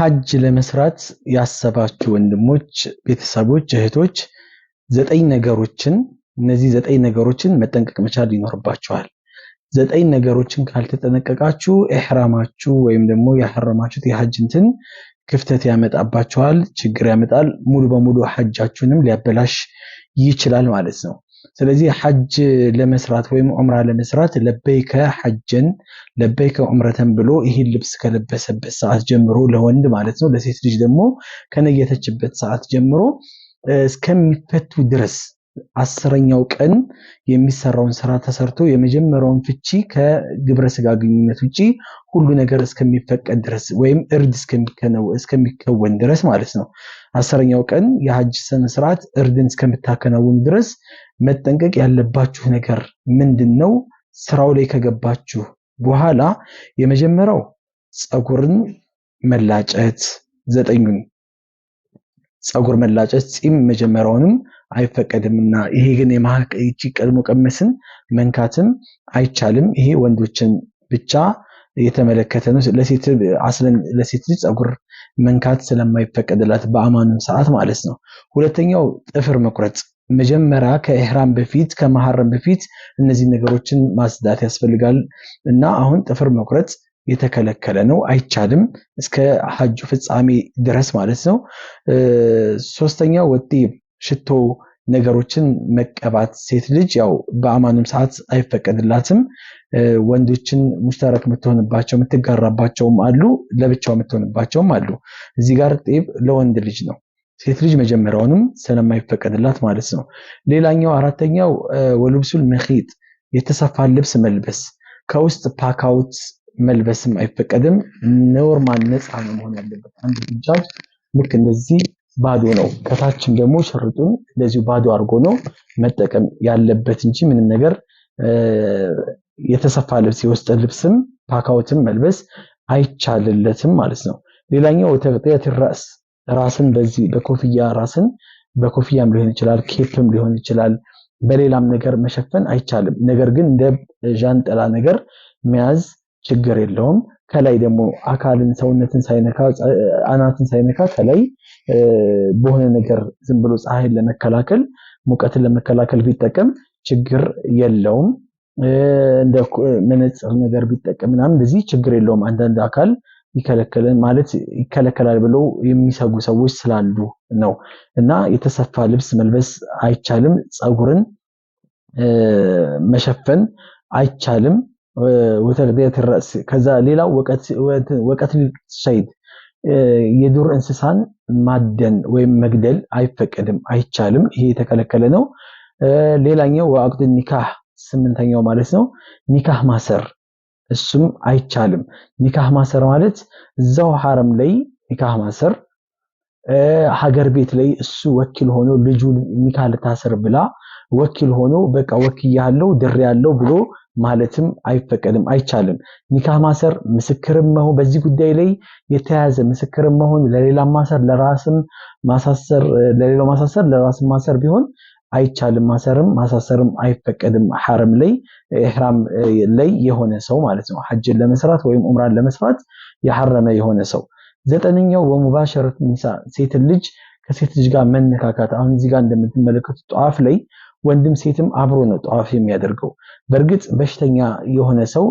ሀጅ ለመስራት ያሰባችሁ ወንድሞች፣ ቤተሰቦች፣ እህቶች ዘጠኝ ነገሮችን እነዚህ ዘጠኝ ነገሮችን መጠንቀቅ መቻል ይኖርባችኋል። ዘጠኝ ነገሮችን ካልተጠነቀቃችሁ ኢሕራማችሁ ወይም ደግሞ ያሐረማችሁት የሀጅ እንትን ክፍተት ያመጣባችኋል፣ ችግር ያመጣል። ሙሉ በሙሉ ሀጃችሁንም ሊያበላሽ ይችላል ማለት ነው። ስለዚህ ሐጅ ለመስራት ወይም ዑምራ ለመስራት ለበይከ ሐጅን ለበይከ ዑምረተን ብሎ ይህን ልብስ ከለበሰበት ሰዓት ጀምሮ ለወንድ ማለት ነው። ለሴት ልጅ ደግሞ ከነየተችበት ሰዓት ጀምሮ እስከሚፈቱ ድረስ አስረኛው ቀን የሚሰራውን ስራ ተሰርቶ የመጀመሪያውን ፍቺ ከግብረ ስጋ ግንኙነት ውጪ ሁሉ ነገር እስከሚፈቀድ ድረስ ወይም እርድ እስከሚከወን ድረስ ማለት ነው። አስረኛው ቀን የሐጅ ስነ ስርዓት እርድን እስከምታከናውን ድረስ መጠንቀቅ ያለባችሁ ነገር ምንድን ነው? ስራው ላይ ከገባችሁ በኋላ የመጀመሪያው ፀጉርን መላጨት ዘጠኙን ፀጉር መላጨት ፂም መጀመሪያውንም አይፈቀድምና ይሄ ግን የማህቅ ቀድሞ ቀመስን መንካትም አይቻልም። ይሄ ወንዶችን ብቻ የተመለከተ ነው። ለሴት አስለን ለሴት ልጅ ፀጉር መንካት ስለማይፈቀድላት በአማኑም ሰዓት ማለት ነው። ሁለተኛው ጥፍር መቁረጥ መጀመሪያ ከኢህራም በፊት ከመሐረም በፊት እነዚህ ነገሮችን ማጽዳት ያስፈልጋል እና አሁን ጥፍር መቁረጥ የተከለከለ ነው፣ አይቻልም እስከ ሀጁ ፍጻሜ ድረስ ማለት ነው። ሶስተኛ ወጤ ሽቶ ነገሮችን መቀባት ሴት ልጅ ያው በአማንም ሰዓት አይፈቀድላትም። ወንዶችን ሙሽተረክ የምትሆንባቸው የምትጋራባቸውም አሉ፣ ለብቻው የምትሆንባቸውም አሉ። እዚህ ጋር ጤብ ለወንድ ልጅ ነው። ሴት ልጅ መጀመሪያውንም ስለማይፈቀድላት ማለት ነው። ሌላኛው አራተኛው ወሉብሱል መኺጥ የተሰፋ ልብስ መልበስ ከውስጥ ፓካውት መልበስም አይፈቀድም። ኖርማል ነፃ ነው መሆን ያለበት። አንድ ሂጃብ ልክ እንደዚህ ባዶ ነው፣ ከታችም ደግሞ ሽርጡን እንደዚሁ ባዶ አድርጎ ነው መጠቀም ያለበት እንጂ ምንም ነገር የተሰፋ ልብስ የውስጥ ልብስም ፓካውትም መልበስ አይቻልለትም ማለት ነው። ሌላኛው ተቅጥየት ራስ ራስን በዚህ በኮፍያ ራስን በኮፍያም ሊሆን ይችላል፣ ኬፕም ሊሆን ይችላል፣ በሌላም ነገር መሸፈን አይቻልም። ነገር ግን እንደ ዣንጥላ ነገር መያዝ ችግር የለውም። ከላይ ደግሞ አካልን ሰውነትን ሳይነካ አናትን ሳይነካ ከላይ በሆነ ነገር ዝም ብሎ ፀሐይን ለመከላከል ሙቀትን ለመከላከል ቢጠቀም ችግር የለውም። እንደ መነጽር ነገር ቢጠቀም ምናምን እንደዚህ ችግር የለውም። አንዳንድ አካል ይከለከልን ማለት ይከለከላል ብለው የሚሰጉ ሰዎች ስላሉ ነው። እና የተሰፋ ልብስ መልበስ አይቻልም፣ ፀጉርን መሸፈን አይቻልም። ወተቅዲያት ራስ ከዛ ሌላው ወቀት ሸይድ የዱር እንስሳን ማደን ወይም መግደል አይፈቀድም፣ አይቻልም። ይሄ የተከለከለ ነው። ሌላኛው ወአቅድ ኒካህ ስምንተኛው ማለት ነው ኒካህ ማሰር እሱም አይቻልም። ኒካህ ማሰር ማለት እዛው ሐረም ላይ ኒካህ ማሰር ሀገር ቤት ላይ እሱ ወኪል ሆኖ ልጁ ኒካህ ልታስር ብላ ወኪል ሆኖ በቃ ወኪል ያለው ድር ያለው ብሎ ማለትም አይፈቀድም፣ አይቻልም። ኒካህ ማሰር ምስክርም መሆን በዚህ ጉዳይ ላይ የተያዘ ምስክርም መሆን ለሌላ ማሰር ለራስም ማሳሰር ለሌላው ማሳሰር ለራስም ማሰር ቢሆን አይቻልም ማሰርም ማሳሰርም አይፈቀድም። ሐረም ላይ ኢህራም ላይ የሆነ ሰው ማለት ነው ሐጅን ለመስራት ወይም ዑምራን ለመስራት ያሐረመ የሆነ ሰው። ዘጠነኛው ወሙባሸረት ኒሳ ሴትን ልጅ ከሴት ልጅ ጋር መነካካት። አሁን እዚህ ጋር እንደምትመለከቱት ጧፍ ላይ ወንድም ሴትም አብሮ ነው ጠዋፍ የሚያደርገው። በእርግጥ በሽተኛ የሆነ ሰው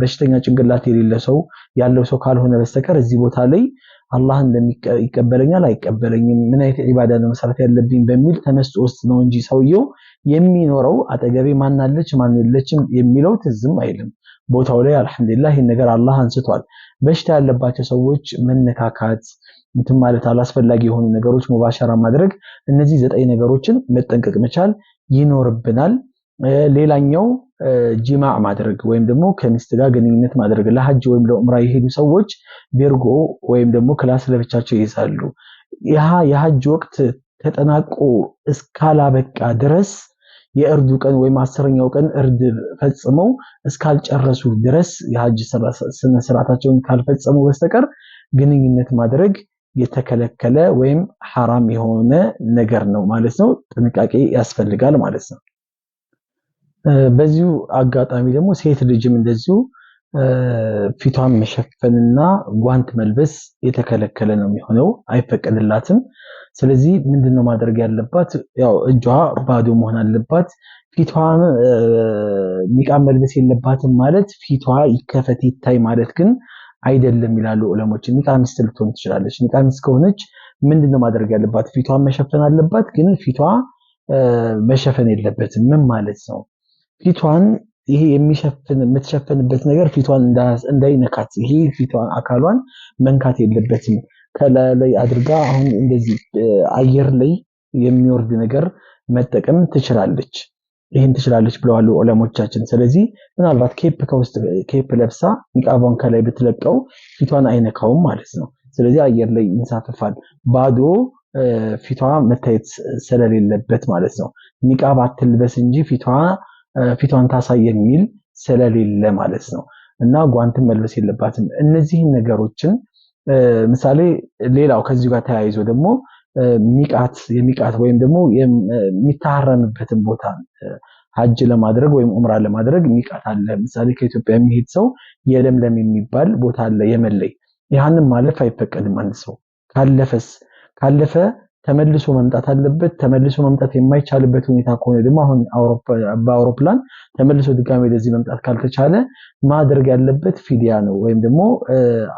በሽተኛ ጭንቅላት የሌለ ሰው ያለው ሰው ካልሆነ በስተቀር እዚህ ቦታ ላይ አላህ ይቀበለኛል አይቀበለኝም፣ ምን አይነት ኢባዳ ነው መሰረት ያለብኝ በሚል ተመስጦ ውስጥ ነው እንጂ ሰውየው የሚኖረው አጠገቤ ማናለች የለችም የሚለው ትዝም አይልም። ቦታው ላይ አልሐምዱሊላህ ይህን ነገር አላህ አንስቷል። በሽታ ያለባቸው ሰዎች መነካካት እንትን ማለት አላስፈላጊ የሆኑ ነገሮች ሙባሸራ ማድረግ፣ እነዚህ ዘጠኝ ነገሮችን መጠንቀቅ መቻል ይኖርብናል። ሌላኛው ጂማዕ ማድረግ ወይም ደግሞ ከሚስት ጋር ግንኙነት ማድረግ። ለሐጅ ወይም ለዑምራ የሄዱ ሰዎች ቤርጎ ወይም ደግሞ ክላስ ለብቻቸው ይይዛሉ። ያ የሐጅ ወቅት ተጠናቆ እስካላበቃ ድረስ የእርዱ ቀን ወይም አስረኛው ቀን እርድ ፈጽመው እስካልጨረሱ ድረስ የሐጅ ስነስርዓታቸውን ስርዓታቸውን ካልፈጸሙ በስተቀር ግንኙነት ማድረግ የተከለከለ ወይም ሐራም የሆነ ነገር ነው ማለት ነው። ጥንቃቄ ያስፈልጋል ማለት ነው። በዚሁ አጋጣሚ ደግሞ ሴት ልጅም እንደዚሁ ፊቷን መሸፈንና ጓንት መልበስ የተከለከለ ነው የሚሆነው፣ አይፈቀድላትም። ስለዚህ ምንድነው ማድረግ ያለባት? ያው እጇ ባዶ መሆን አለባት። ፊቷን ኒቃብ መልበስ የለባትም ማለት ፊቷ ይከፈት ይታይ ማለት ግን አይደለም ይላሉ ዑለሞች። ኒቃ ሚስት ልትሆን ትችላለች። ኒቃ ሚስት ከሆነች ምንድነው ማድረግ ያለባት? ፊቷን መሸፈን አለባት። ግን ፊቷ መሸፈን የለበትም። ምን ማለት ነው? ፊቷን ይሄ የሚሸፍን የምትሸፈንበት ነገር ፊቷን እንዳይነካት፣ ይሄ ፊቷን አካሏን መንካት የለበትም። ከላይ ላይ አድርጋ አሁን እንደዚህ አየር ላይ የሚወርድ ነገር መጠቀም ትችላለች። ይህን ትችላለች ብለዋል ዑለሞቻችን። ስለዚህ ምናልባት ኬፕ ከውስጥ ኬፕ ለብሳ ኒቃቧን ከላይ ብትለቀው ፊቷን አይነካውም ማለት ነው። ስለዚህ አየር ላይ ይንሳፈፋል ባዶ ፊቷ መታየት ስለሌለበት ማለት ነው። ኒቃብ አትልበስ እንጂ ፊቷ ፊቷን ታሳይ የሚል ስለሌለ ማለት ነው። እና ጓንትን መልበስ የለባትም። እነዚህን ነገሮችን ምሳሌ ሌላው ከዚሁ ጋር ተያይዞ ደግሞ ሚቃት የሚቃት ወይም ደግሞ የሚታረምበትን ቦታ ሀጅ ለማድረግ ወይም ኡምራ ለማድረግ ሚቃት አለ። ምሳሌ ከኢትዮጵያ የሚሄድ ሰው የለምለም የሚባል ቦታ አለ የመለይ ያንን ማለፍ አይፈቀድም። አንድ ሰው ካለፈስ ካለፈ ተመልሶ መምጣት አለበት። ተመልሶ መምጣት የማይቻልበት ሁኔታ ከሆነ ደግሞ አሁን በአውሮፕላን ተመልሶ ድጋሚ ወደዚህ መምጣት ካልተቻለ ማድረግ ያለበት ፊዲያ ነው፣ ወይም ደግሞ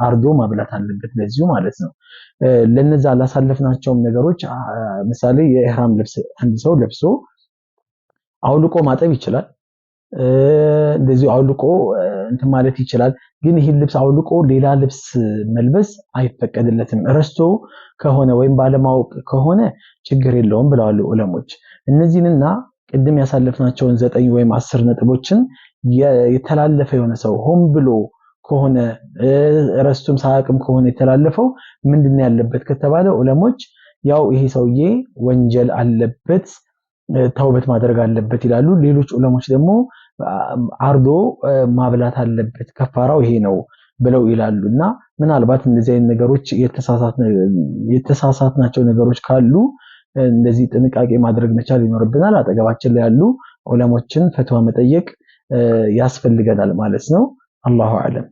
አርዶ ማብላት አለበት ለዚሁ ማለት ነው። ለነዛ ላሳለፍናቸውም ነገሮች ምሳሌ የኢህራም ልብስ አንድ ሰው ለብሶ አውልቆ ማጠብ ይችላል። እንደዚሁ አውልቆ እንትን ማለት ይችላል። ግን ይህን ልብስ አውልቆ ሌላ ልብስ መልበስ አይፈቀድለትም። እረስቶ ከሆነ ወይም ባለማወቅ ከሆነ ችግር የለውም ብለዋል ዑለሞች። እነዚህንና ቅድም ያሳለፍናቸውን ዘጠኝ ወይም አስር ነጥቦችን የተላለፈ የሆነ ሰው ሆን ብሎ ከሆነ ረስቱም ሳያቅም ከሆነ የተላለፈው ምንድን ያለበት ከተባለ ዑለሞች ያው ይሄ ሰውዬ ወንጀል አለበት ተውበት ማድረግ አለበት ይላሉ። ሌሎች ዑለሞች ደግሞ አርዶ ማብላት አለበት፣ ከፋራው ይሄ ነው ብለው ይላሉ። እና ምናልባት እንደዚህ አይነት ነገሮች የተሳሳትናቸው ነገሮች ካሉ እንደዚህ ጥንቃቄ ማድረግ መቻል ይኖርብናል። አጠገባችን ላይ ያሉ ዑለሞችን ፈትዋ መጠየቅ ያስፈልገናል ማለት ነው። አላሁ አለም።